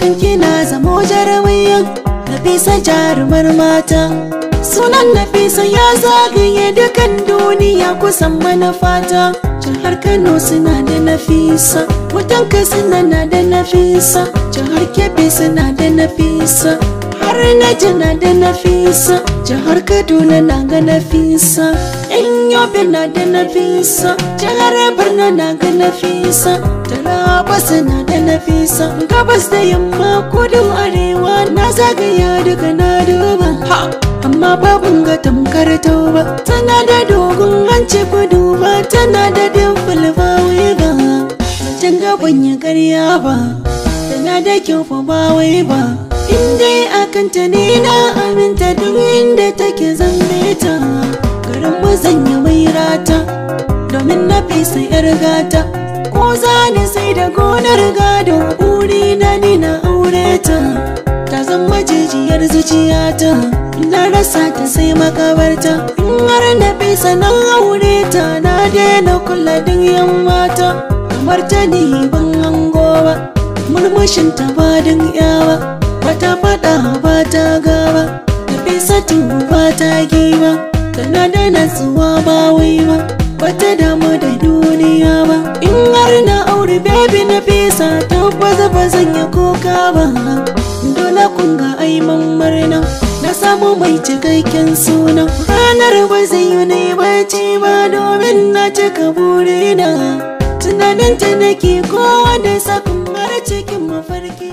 akan kina zamo jarumiyan Nafisa jarumar mata Sunan Nafisa ya zagaye dukan duniya kusan manafata Jihar Kano suna da Nafisa mutan Katsina na da Nafisa Jihar Kebbi suna da Nafisa Har na na da Nafisa jihar kaduna na ga nafisa in na da nafisa jihar borno na ga nafisa da na da nafisa gabas da yamma kudu arewa na zagaya daga na duba amma babin ga tamkar tauba tana da dogon hanci kudu ba tana da dimfil ba wai ba can gaban ya karya ba tana da kyau ba wai ba inda a ta ne na aminta duk inda take zanne ta garin yi mairata, rata domin na fi sai yar gata ko zane sai da gonar gado kuri na ni na aure ta ta majijiyar jijiyar zuciyata na rasa ta sai makabarta in har na fi sanan aure ta na daina kula duk yamma ta. kamar ta ni ban hango ba murmushin ta ba yawa ta faɗa ba ta ta fi satu ba ta giwa tana da natsuwa ba wai ba ta damu da duniya ba in har na aure baby na fesa tabbas ba zan yi koka ba dole kun ga aiman murna na samu mai cikakken suna ranar ba zai yi ne ba ci ba domin na cika burina ta nake kowa da sakon cikin mafarki